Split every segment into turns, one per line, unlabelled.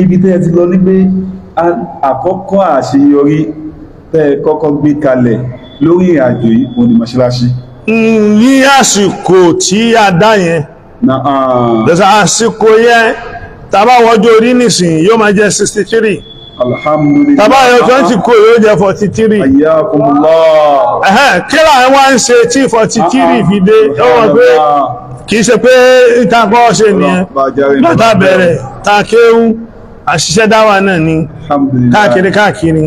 ibi tẹ́ ẹ ti lọ ní pé àkọ́kọ́ àṣeyọrí tẹ́ ẹ kọ́kọ́ gbé kalẹ̀ lórí ìrìnàjò yìí òun ni mọ́ṣáláṣí. ní àsìkò tí a dá yẹn lọ́sà àsìkò
yẹn tàbá wọ́jọ́ orí nìsín yóò máa jẹ́ sixty three alhamdulillah tàbá yọ twenty kò yóò jẹ́ forty three. ayyakumullah. kí làwọn wá ń ṣe tí forty three ah, ah. fi dé ó wọ́n pé kì í ṣe pé ìtàkọ́ ṣe nìyẹn látàbẹ̀rẹ̀ tàkéhùn àṣìṣẹ́ dáwà náà ni káàkiri káàkiri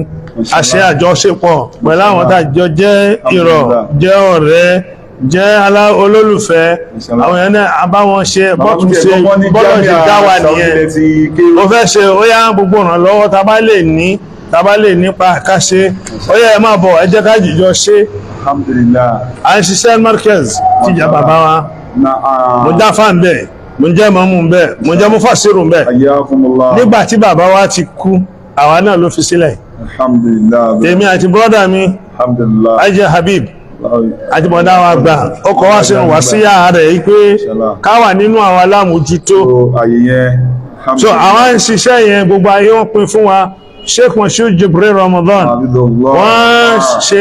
àṣẹ àjọṣepọ̀ pẹ̀lú àwọn tàjọ jẹ́ ìrọ̀ jẹ́ ọ̀rẹ́ jẹ́ olólùfẹ́ àwọn èèyàn náà àbáwọn ṣe bọ́túnṣe bọ́lọ̀ ṣe dáwà nìyẹn ó fẹ́ ṣe ó yá gbogbo ìrànlọ́wọ́ tá bá lè ní tá bá lè nípa ká ṣe ó yá ẹ máa bọ̀ ẹ jẹ́ ká jìjọ ṣe alhamdulillah à ń ṣiṣẹ́ Markaz tíjà bàbá wa mo dáfà ń bẹ́ẹ̀ mo jẹ́ mọ́mú bẹ́ẹ̀ mo jẹ́ mufasiru bẹ́ẹ̀ nígbà tí bàbá wa ti kú àwa náà ló fi sílẹ̀ èmi àti brọ́dà mi ajẹ́ Habib àjùmọ̀dá wa gbà ọkọ̀ wá sínú wá sí yàrá rẹ̀ yí pé káwà nínú àwọn alámòjútó so àwọn ń ṣiṣẹ́ yẹn gbogbo ayé wọ́n pín fún wa Sheikh Moshood Jibril Ramadan wọ́n ṣe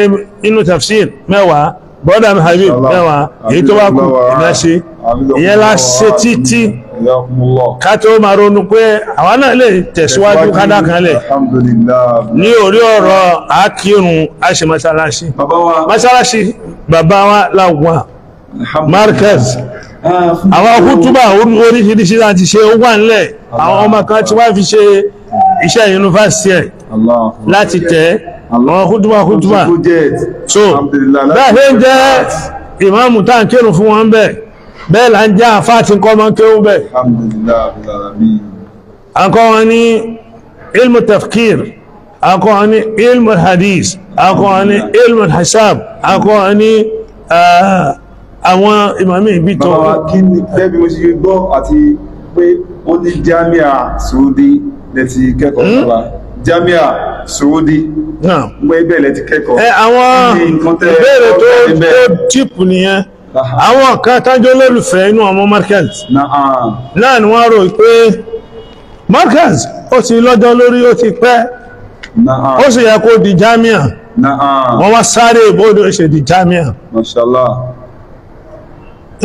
inú tafsir mẹ́wàá brother Muhammed mẹ́wàá èyí tó wá kù ìná ṣe ìyẹn la ṣe títí ká tó máa ronú pé àwa náà lè tẹ̀síwájú kádàkanlẹ̀ ní orí ọ̀rọ̀ àákírun àṣẹ mọ́ṣáláṣí mọ́ṣáláṣí bàbá wa làwọn markaz àwọn kútúbà oríṣiríṣi láti ṣe ó wà nílẹ̀ àwọn ọmọ kan tí wá fi ṣe iṣẹ́ yunifásitì ẹ̀ láti tẹ̀ ẹ́ hútùbà hútùbà so bẹ́ẹ̀ ń jẹ́ ìmáàmù tá à ń kírun fún wọn bẹ́ẹ̀ bẹ́ẹ̀ là ń jẹ́ àfá àti nǹkan ọmọ kéwú bẹ́ẹ̀ akọ́ wọn ní ilmu tafkir akọ́ wọn ní ilmu hadith akọ́ wọn ní ilmu hasab akọ́ wọn ní ah, àwọn ìmàmí ibi tó
bàbá Jamia Saudi gbọ́ ibẹ̀ lẹ ti kẹ́kọ̀ọ́ ìbéèrè tó tíìpù
nìyẹn àwọn kan tájọ́ lólùfẹ́ inú ọmọ market náà ni wọ́n rò pé market ó ti lọ́jọ́ lórí ó ti pẹ́ ó sì yẹ kó di Jamia wọ́n wá sáré ìbódò ṣe di Jamia mashallah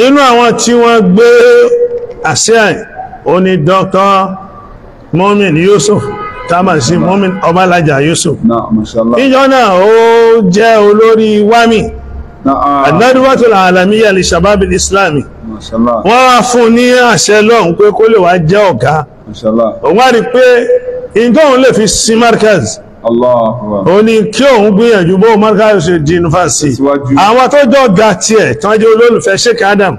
inú àwọn tí wọ́n gbé àṣẹ ò ní Dr. Mumin Yusuf tábà sí mọ́mìn ọbálájà Yusuf ìjọ náà ó jẹ́ olórí wámi àdádúwàtòlà àlàmíyà lè sàbábì islami wọ́n wá fún ní àṣẹ lọ́hùn pé kó lè wá jẹ́ ọ̀gá òun wá rí pé ìdóhun lè fi sí markaz ó ní kí òun gbìyànjú bó markaz ṣe di yunifásitì àwọn tó jọ ga tiẹ̀ tán jẹ́ olólùfẹ́ Sheikh Adam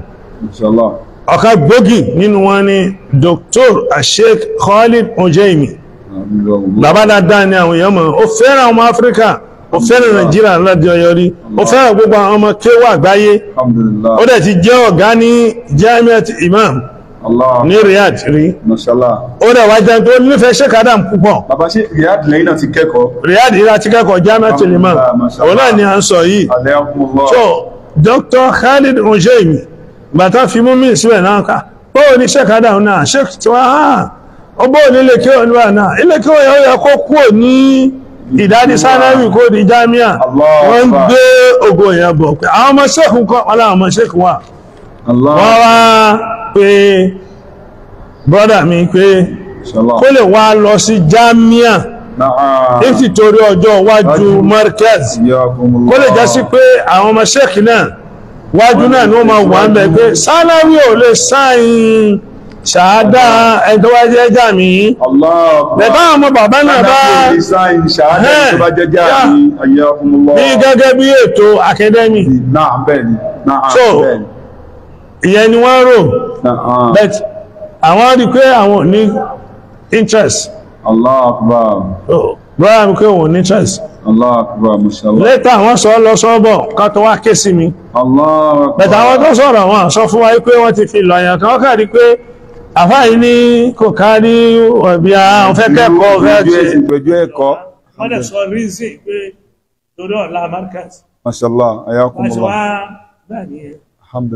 ọ̀kan gbòógì nínú wọn ni Dr. Sheikh Khalid Ojeimi bàbá dáadáa ni àwọn èèyàn mọ̀ ó fẹ́ràn ọmọ áfíríkà ó fẹ́ràn nàìjíríà lọ́dẹ ọyọrí ó fẹ́ràn gbogbo àwọn ọmọ kéwà àgbáyé ó dẹ̀ ti jẹ́ ọ̀gá ní jamiat imam ní Riyadh rí ó dẹ̀ wá jẹun tó nífẹ̀ẹ́ Sheikh Adam púpọ̀ bàbá ṣe Riyadh lẹ́yìn náà ti kẹ́kọ̀ọ́ Riyadh ìlà ti kẹ́kọ̀ọ́ jamiat imam òun náà ni à ń sọ yìí so Dr. Khalid Onjemi bàtà fi mú mi síbẹ̀ náà ká báwo ni Sheikh Adam náà Sheikh tí ah, ọ ní ilé kíwọ̀ ní àná ilé kíwọ̀ yà ó kó kúrò ní ìdádi sánáwì kó di wọ́n gbé ògo èèyàn bọ̀ pé àwọn ọmọ kọ́ wà wọ́n wá pé brọ́dà mi pé kó lè wá lọ sí jámíà ìfì torí ọjọ́ wájú kó lè jásí pé àwọn ọmọ náà wájú náà ni wọ́n máa wà ṣàádá ẹ̀tọ́ wá jẹ́ jàmí bẹ̀bá ọmọ bàbá náà bá bí gẹ́gẹ́ bí ètò akademi so ìyẹn ni wọ́n rò but àwọn rí pé àwọn ní interest Allah akbar bọ́ra mi pé òun ní interest Allah akbar mashallah lẹ́tà wọ́n sọ lọ sọ́bọ̀ ká tó wá ké sí mi Allah akbar bẹ̀tà wọ́n tó sọ̀rọ̀ wọn sọ fún wa pé wọ́n ti fi lọ yàn kan kàrí pé àfáà yìí ní
kò ká ní ọ̀bí àwọn fẹ́ kẹ́kọ̀ọ́ fẹ́ ti ìgbẹ̀jú ẹ̀kọ́
wọ́n dẹ̀ sọ rí sí pé torí ọ̀la markaz
mashallah ayakumullah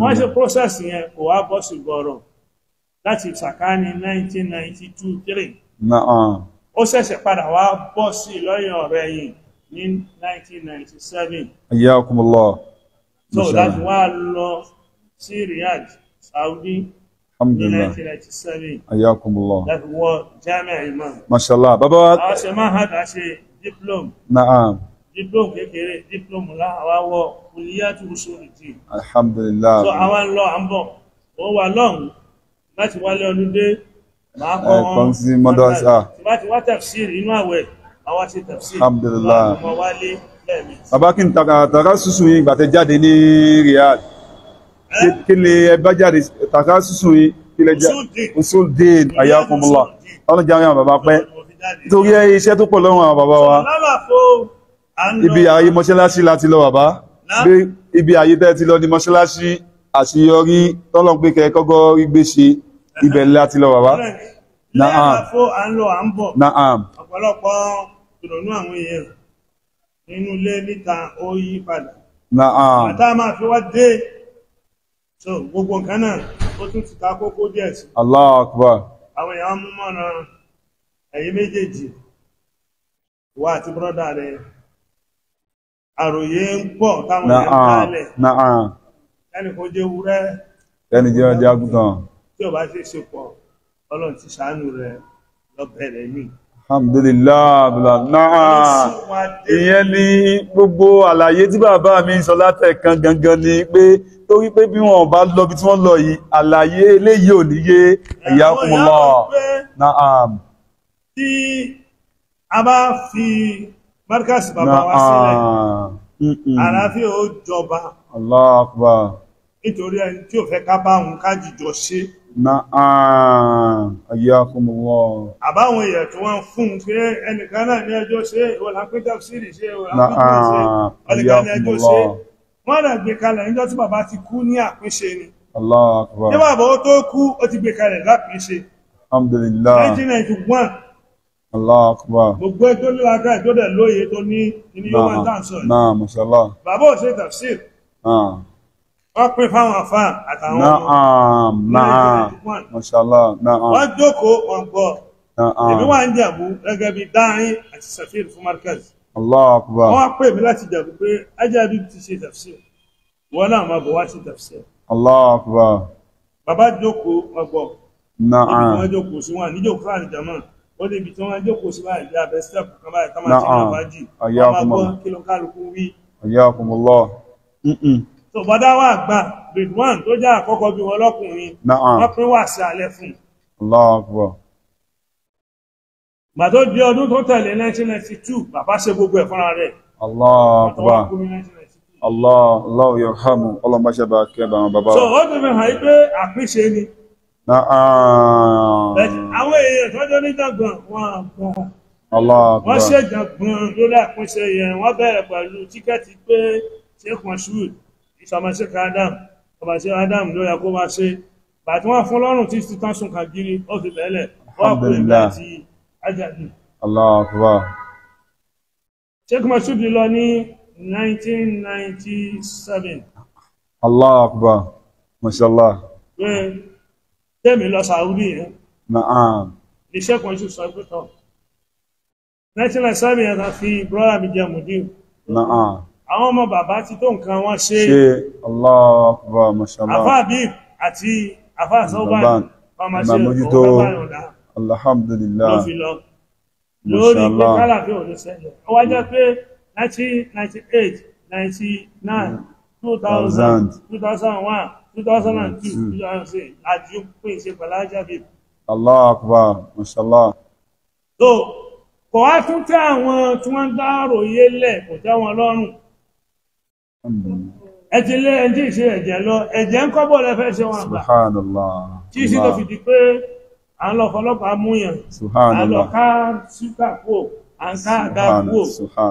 wọ́n ṣe
process yẹn kò wá bọ́ sí gbọ́rọ̀ láti sàkáni 1992-3 ó ṣẹ̀ṣẹ̀ padà wá bọ́ sí lọ́yìn ọ̀rẹ́ yìí ní
1997 ayakumullah so láti
wá lọ sí Riyadh Saudi
الحمد لله حياكم الله
هو جامع المام
ما شاء الله بابا ase
mahad ase diploma نعم diploma kékeré diploma la àwa wọ kuliyatu usuliti
alhamdulillah so àwa
ń lọ à ń bọ̀ ó wà lọ́hùn láti wálé ọdún dé màá kọ́ wọn kàn sí madrasa tí bá ti wá tafsir inú àwẹ̀ àwa ti tafsir alhamdulillah
bàbá kí n tàkà tàkà sísun yìí gbàtẹ́ jáde ní Riyadh kí ni ẹ bá jáde tàkà sísun yìí kí lẹ já usul deen ayakumullah ọlọ́run jẹ́ àwọn bàbá pẹ́ torí ẹ iṣẹ́ tó pọ̀ lọ́rùn àwọn bàbá wa ibi ayé mọ́ṣáláṣí láti lọ bàbá ibi ayé tẹ́ ti lọ ní mọ́ṣáláṣí àṣeyọrí tọ́lọ́ pé kẹ́ kọ́gọ́ rí gbé ṣe ibẹ̀ láti lọ bàbá.
Naam. Naam. Ọ̀pọ̀lọpọ̀ ìrònú àwọn èèyàn nínú ilé níta ó yí padà.
Naam. Àtá
máa fi wá dé so gbogbo nǹkan náà ó tún ti ta kókó díẹ̀ sí.
Allahu Akbar.
àwọn èèyàn mú mọ́ra ẹ̀yin méjèèjì wá àti bọ́dà rẹ̀ àròyé ń pọ̀ táwọn èèyàn kálẹ̀ ẹnì kan jẹ́ wúrẹ́ ẹnì jẹ́ ọjà tí bá ṣe ṣe pọ̀ ọlọ́run ti ṣàánú
alhamdulillah náà ìyẹn ni gbogbo àlàyé tí bàbá mi sọ látẹ̀kan gangan ni pé tó wí pé bí wọ́n bá lọ bí tí wọ́n lọ yìí àlàyé eléyìí ò níye ẹ̀yà kúmọ̀lọ́ náà tí a bá fi
márkàsì bàbá wa sílẹ̀ àlàáfíà ó jọba
Allah akbar
nítorí ẹni tí ò fẹ́ ká bá òun ká jìjọ ṣe
Na'am, ayyakumullah.
Àbáwọn èèyàn tí wọ́n fún pé ẹnìkan náà ní ẹjọ́ ṣe ìwọ̀lápín tafsiri ṣe ìwọ̀lápín Wọ́n rẹ̀ gbé kalẹ̀ níjọ́ tí bàbá ti kú ní àpínṣe ni.
Allahu akbar. Ní bàbá
ó tó kú, ó ti gbé kalẹ̀ lápínṣe.
Alhamdulillah.
1991.
Allahu akbar.
Gbogbo ẹ tó lílaka ẹ̀ tó dẹ̀ lóye tó ní inú yóò máa dáǹsọ̀. Náà, mashallah. Bàbá ò ṣe tafsir. Náà wọ́n pín fáwọn àfà àtàwọn ọmọ
náà mọ̀ṣálá náà wọ́n
jókòó wọn gbọ́ èmi wà ń jàbú gẹ́gẹ́ bí dáhìn àti safir fún markaz
wọ́n pè
mí láti jàbú pé ajábí ti ṣe tafsir wọ́n náà máa bọ̀ wá sí tafsir bàbá jókòó wọn gbọ́
ibi tí wọ́n jókòó
sí wọn níjókòó láti jàmọ́ ó dé ibi tí wọ́n jókòó sí báyìí abẹ́ stẹ́pù kan báyìí tá máa ti bá jì wọ́n máa gbọ́
kí ló
tó bọ́dá wà gbà grade one tó jẹ́ àkọ́kọ́ bí wọn lọ́kùnrin wọ́n pín wà sí alẹ́ fún un. gbà tó di ọdún tó tẹ̀lé 1992 bàbá ṣe gbogbo ẹ̀ fúnra rẹ̀.
Allah yarhamu ọlọ́mọ ṣe bá kẹ́ bá wọn bàbá. so
ó ti fi hàn yí pé àpínṣe ni. àwọn èèyàn tó jẹ́ onídàgbọ̀n wọn
àgbà wọ́n
ṣèjàgbọ̀n lórí àpínṣe yẹn wọ́n bẹ̀rẹ̀ pẹ̀lú tíkẹ́ẹ̀tì pé ṣé kàn ṣúù sàmásíkà Adam sàmásíkà Adam ló yẹ kó máa ṣe bàtí wọ́n fún lọ́rùn tí ti tán sùn kàgírí ó fi lẹ́lẹ̀
wọ́n kú ìgbà àti ajadu. Allahu Akbar.
Sheikh lọ ní 1997.
Allahu Akbar. Mashallah.
Pé Tẹ́mi lọ Sàúdì yẹn. Na'am. Ní Sheikh sọ pé tán. 1997 yẹn ta fi Brọ́dà mi jẹ Mùdíù. Na'am àwọn ọmọ bàbá ti tó nǹkan wọ́n ṣe
aláàbà mọ̀ṣàlá àfáàbí
àti àfáàsọ́bàn mamójútó
alhamdulillah lórí pé kálàfí
ò lè ṣẹlẹ̀ ó wá jẹ́ pé 1998 99 2000 2001 2002 2006 àti pé ìṣe pẹ̀lájábì
aláàbà mọ̀ṣàlá tó kọ̀wá tún tẹ́
àwọn tí wọ́n dárò yé lẹ̀ kò tẹ́ wọn lọ́rùn ẹ ti lé ẹjí ìṣe ẹ̀jẹ̀ lọ ẹ̀jẹ̀ ń kọ́bọ̀ lẹ́fẹ́ ṣe wọn àgbà tí sí tó fi di pé à ń lọ fọlọ́pàá múyàn à ń lọ ká ṣúkà kú à ń ká àga kú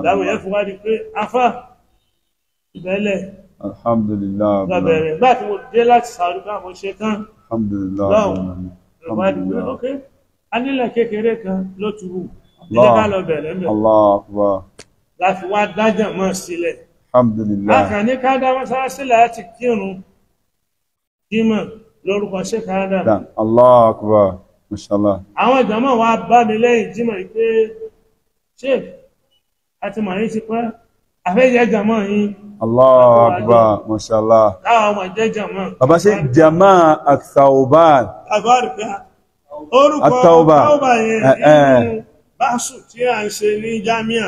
láwọn èèyàn fún wa di pé afá ìbẹ̀lẹ̀
alhamdulillah gbàbẹ̀rẹ̀ gbà
tí mo dé láti sàárù bá mo ṣe tán
alhamdulillah
ọkẹ́ anílẹ̀ kékeré kan ló ti wù nígbà lọ bẹ̀rẹ̀ mẹ́rin láti wá dájà mọ́ sílẹ̀
alhamdulillah àkànní
kádà mọ́sálásí láti kírun jímọ̀ lórúkọ ṣe kádà
Allahu akbar mashallah
àwọn ìjọmọ̀ wa bá mi lẹ́yìn jímọ̀ pé ṣe àti mọ̀ yín ti pẹ́ àfẹ́jẹ́ jàmọ́ yín
Allahu akbar mashallah
láwọn ọmọ ìjẹ́ jàmọ́
bàbá ṣe jàmọ́ àtàwòbáà
orúkọ àtàwòbáà yẹn eh, eh. nínú báṣù tí a ń ṣe ní jámíà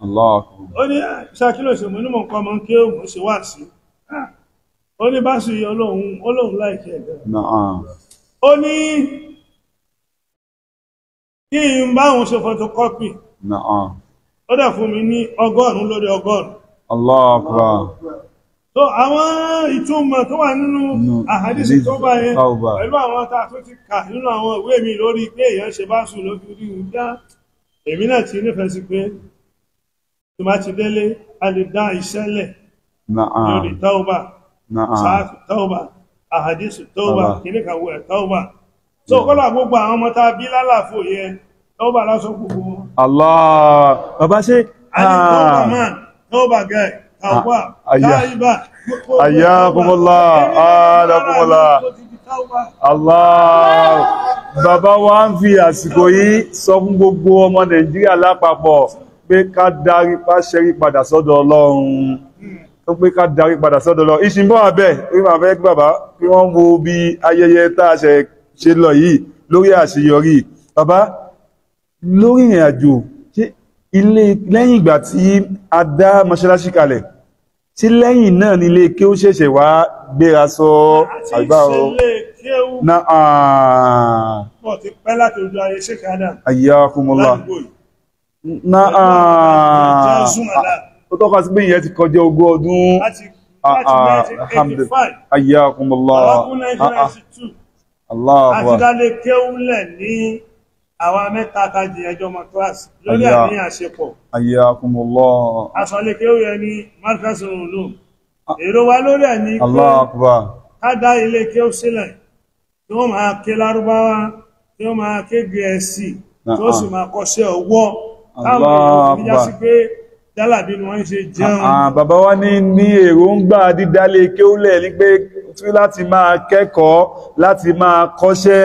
ó
ní ah, ṣàkíyèsí mo nímọ̀ nǹkan mọ́ kí òun ṣe wá sí ah, ó ní bá sì ọlọ́run ọlọ́run láìkẹ́ ẹ̀gbẹ́ ó ní kí n bá òun ṣe photocopy ó dẹ̀ fún mi ní ọgọ́rùn-ún lórí ọgọ́rùn-ún
Allahu Akbar
so àwọn ìtumọ̀ tó wà nínú àhàdísì tó bá yẹn pẹ̀lú àwọn ta tó ti kà nínú àwọn ìwé mi lórí pé èèyàn ṣe bá sùn lórí ìdá èmi náà ti nífẹ̀ẹ́ sí pé tí má ti délé a lè dá ìṣẹ́lẹ̀ lórí tauba sáàtù tauba àhàdísù tauba kìníkàwó ẹ̀ tauba so kọ́lá gbogbo àwọn ọmọ tàà bí lálàfò yẹ tauba lásọ gbogbo wọn
Allah bàbá ṣe tauba man
tauba guy tauba ah, taiba ayakumula
alakumula ah, Allah bàbá wa ń fi àsìkò yìí sọ fún gbogbo ọmọ Nàìjíríà lápapọ̀ pé ká darí pa ṣẹ́rí padà sọ́dọ̀ ọlọ́run ó pé ká darí padà sọ́dọ̀ lọ ìṣìnbọn abẹ́ orí màá fẹ́ bàbá kí wọ́n wo bí ayẹyẹ tá a ṣe lọ yìí lórí àṣeyọrí bàbá lórí ìrìn àjò ilé lẹ́yìn ìgbà tí a dá mọ́ṣáláṣí kalẹ̀ tí lẹ́yìn náà nílé kí ó ṣẹ̀ṣẹ̀ wá gbéra sọ àgbáwọ náà ààrùn.
wọ́n ti pẹ́ láti ojú ayé ṣèkádà.
ayé akúmọ́lá. láti gbòyìí náà ó tọ́ka sí pé ìyẹn ti kọjá ogún ọdún ah, ah, alhamdulillah ayyakumullah ah, Allahu àtidálé
kéúnlẹ̀ ní àwa mẹ́ta kájì ẹjọ́ ma kíláàsì lórí àní àṣepọ̀
ayyakumullah
àtọ́lé kéúnlẹ̀ ní madrasa ulum èrò wa lórí àní pé kádá ilé kéú sílẹ̀ tí wọ́n máa ké lárúbáwá tí wọ́n máa ké gẹ̀ẹ́sì e, tí ó sì máa kọ́ṣẹ́ ọwọ́
táwọn ìyá sí
pé dálàbí ni wọ́n ń ṣe jẹun. Ah, ah,
bàbá wa ní ní èròǹgbà dídálé kéúlẹ̀ ní pé tún láti máa kẹ́kọ̀ọ́ láti máa kọ́ṣẹ́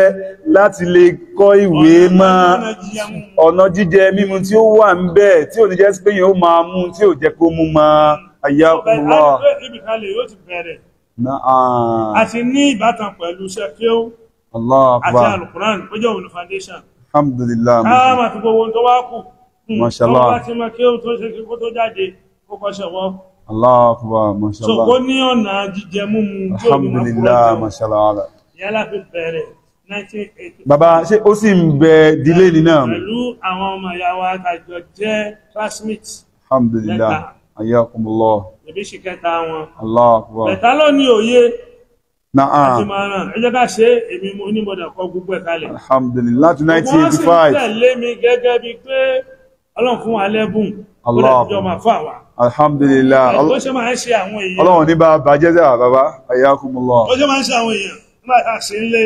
láti lè kọ́ ìwé mọ́ ọ̀nà jíjẹ mímu tí ó wà ń bẹ̀ tí ò ní jẹ́ sí pé yóò máa mú tí ò jẹ́ kó mú mọ́ àyà ọ̀pọ̀lọ́. Ah. a ti ní ìbátan pẹ̀lú ṣẹ́kíó àti alukuran
ó jẹ́ òun foundation.
alhamdulillah. káà máa
fi gbogbo ohun tó wá kù mọ́ṣálá wọ́n bá ti mọ́ kí ó tó ṣe kí ó tó jáde ó kọ́ṣẹ̀ wọ́n
Allahu akbar mọ́ṣálá so kó
ní ọ̀nà jíjẹ múmu tó ní mọ́ alhamdulillah
mọ́ṣálá ala
yálà fi bẹ̀rẹ̀ 1980
bàbá ṣé ó sì ń bẹ dílé ní náà pẹ̀lú
àwọn ọmọ ìyá wa àjọ jẹ́ classmates
alhamdulillah ayakumullah
ẹbí ṣì kẹta wọn
Allahu akbar
ló ní òye Náà. Àti máa ràn, ẹ jẹ́ ká ṣe èmi kọ gbogbo ẹ̀ kalẹ̀.
Alhamdulillah, láti 1985. Wọ́n sì ń tẹ̀lé
mi gẹ́gẹ́ bíi pé ọlọ́run fún wa lẹ́bùn
alhamdulillah
ọlọ́run ní
bá bàjẹ́ dára bàbá ayakumullah ó ṣe
máa ń ṣe àwọn èèyàn nígbà tá a ṣe ń lé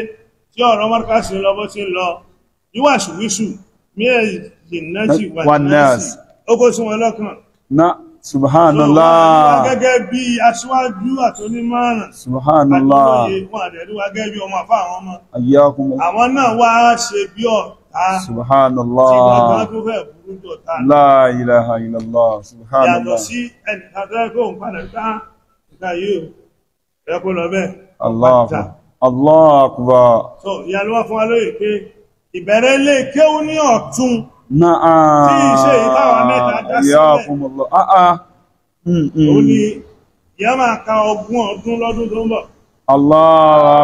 tí ọ̀rọ̀ mọ́ríkà sí lọ bó ti ń lọ yíwà ṣùwíṣù mẹ́ẹ̀lì
subhanallah gẹ́gẹ́
bí aṣíwájú àtúnímọ̀ràn
subhanallah
wọn àdẹ̀ríwá
àwọn náà wá ṣe bí ọ̀tá subhanallah dọ̀tá la ilaha illallah subhanallah yàtọ̀ sí
ẹni àtẹ́kọ́ ìpàdàtà ìdáyé ẹkùn lọ bẹ́ẹ̀
Allahu Allahu akbar
so ìyàlúwà fún alóyè pé ìbẹ̀rẹ̀ ilé kéwú ní ọ̀tún
náà tí iṣẹ́ ìtawà mẹ́ta dá sílẹ̀ Allahu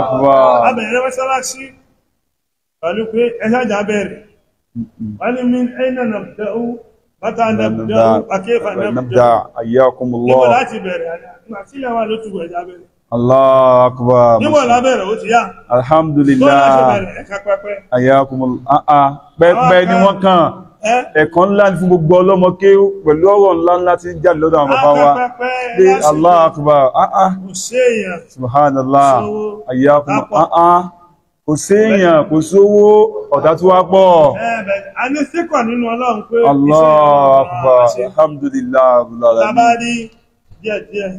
akbar. Abẹ̀rẹ̀
mẹ́sálásí pẹ̀lú pé ẹjá bẹ̀rẹ̀. Mm-hmm. wọ́n ní min aina nabda'u bàtà nabda'u akéfà nabda'u
ayyakum Allah níbo láti
bẹ̀rẹ̀ àti ìyàwó àlótú ẹ̀já bẹ̀rẹ̀.
Allahu akbar. Níbo la bẹ̀rẹ̀ ó ti yá. Alhamdulillah. Bọ́lá ṣe bẹ̀rẹ̀ ẹ̀ka ah, ah. ah, ẹ̀kọ́ ńlá ní fún gbogbo ọlọ́mọ kí pẹ̀lú ọ̀rọ̀ ńlá ńlá tí jáde lọ́dọ̀ àwọn bàbá wa
pé Allahu
akbar aaa subhanallah ayyakum aaa kò séèyàn kò sówó ọ̀tá tó wá pọ̀.
a ní síkọ̀ nínú ọlọ́run pé Allahu
alhamdulillah
tàbádí díẹ̀díẹ̀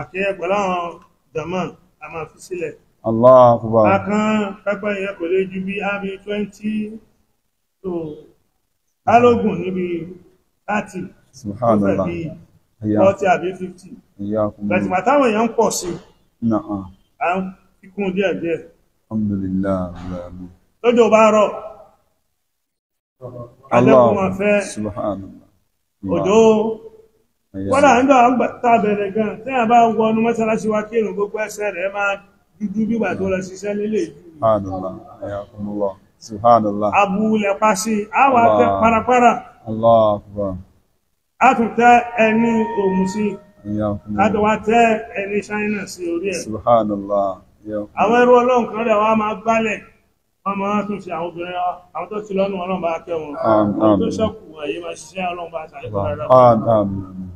àkẹyẹ pẹ̀lú àwọn jama a máa fi sílẹ̀
Allahu akán
pẹ́pẹ́ yẹ kò lè ju bí ábí 20 tó alógún níbi 30
subhanallah forty àbí fifty bẹ̀tìmọ̀
táwọn èèyàn ń pọ̀ sí i à ń fikún díẹ̀díẹ̀
alhamdulillah
lójò bá rọ̀
alẹ́kùn máa fẹ́ òjò wọ́nà ń
gbà tá bẹ̀rẹ̀ gan tí a bá ń wọnú mọ́sálásí wa kírun gbogbo ẹsẹ̀ rẹ̀ máa dúdú bígbà tó lọ ṣiṣẹ́ nílé
ìlú
abúlẹ̀ pàṣí àwọn afẹ́ parapara
a tún tẹ́ ẹni òmùsí a tún wá tẹ́
ẹni ṣáínà sí orí ẹ̀
àwọn ẹrú ọlọ́run
kan rẹ̀ wọ́n á máa gbálẹ̀ wọ́n máa tún ṣe àwọn obìnrin àwọn tó ti lọ́nu ọlọ́run bá kẹ́ wọn àwọn tó ṣọ́kù ẹ̀yẹ máa ṣiṣẹ́ ọlọ́run bá ṣàlẹ́ fún ara
wọn.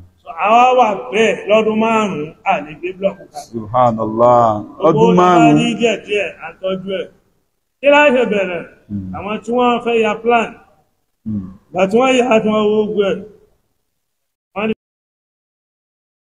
àwa wà bẹ́ẹ̀ lọ́dún márùn-ún àlejò blọọkù
kan. subhanallah lọ́dún márùn-ún. owó ní
díẹ̀ díẹ̀ àtọ́jú ẹ̀ kí láì ṣe bẹ̀rẹ̀ hmm. àwọn tí wọ́n fẹ́ ya plan
hmm. gbà tí wọ́n yà á tí wọ́n wó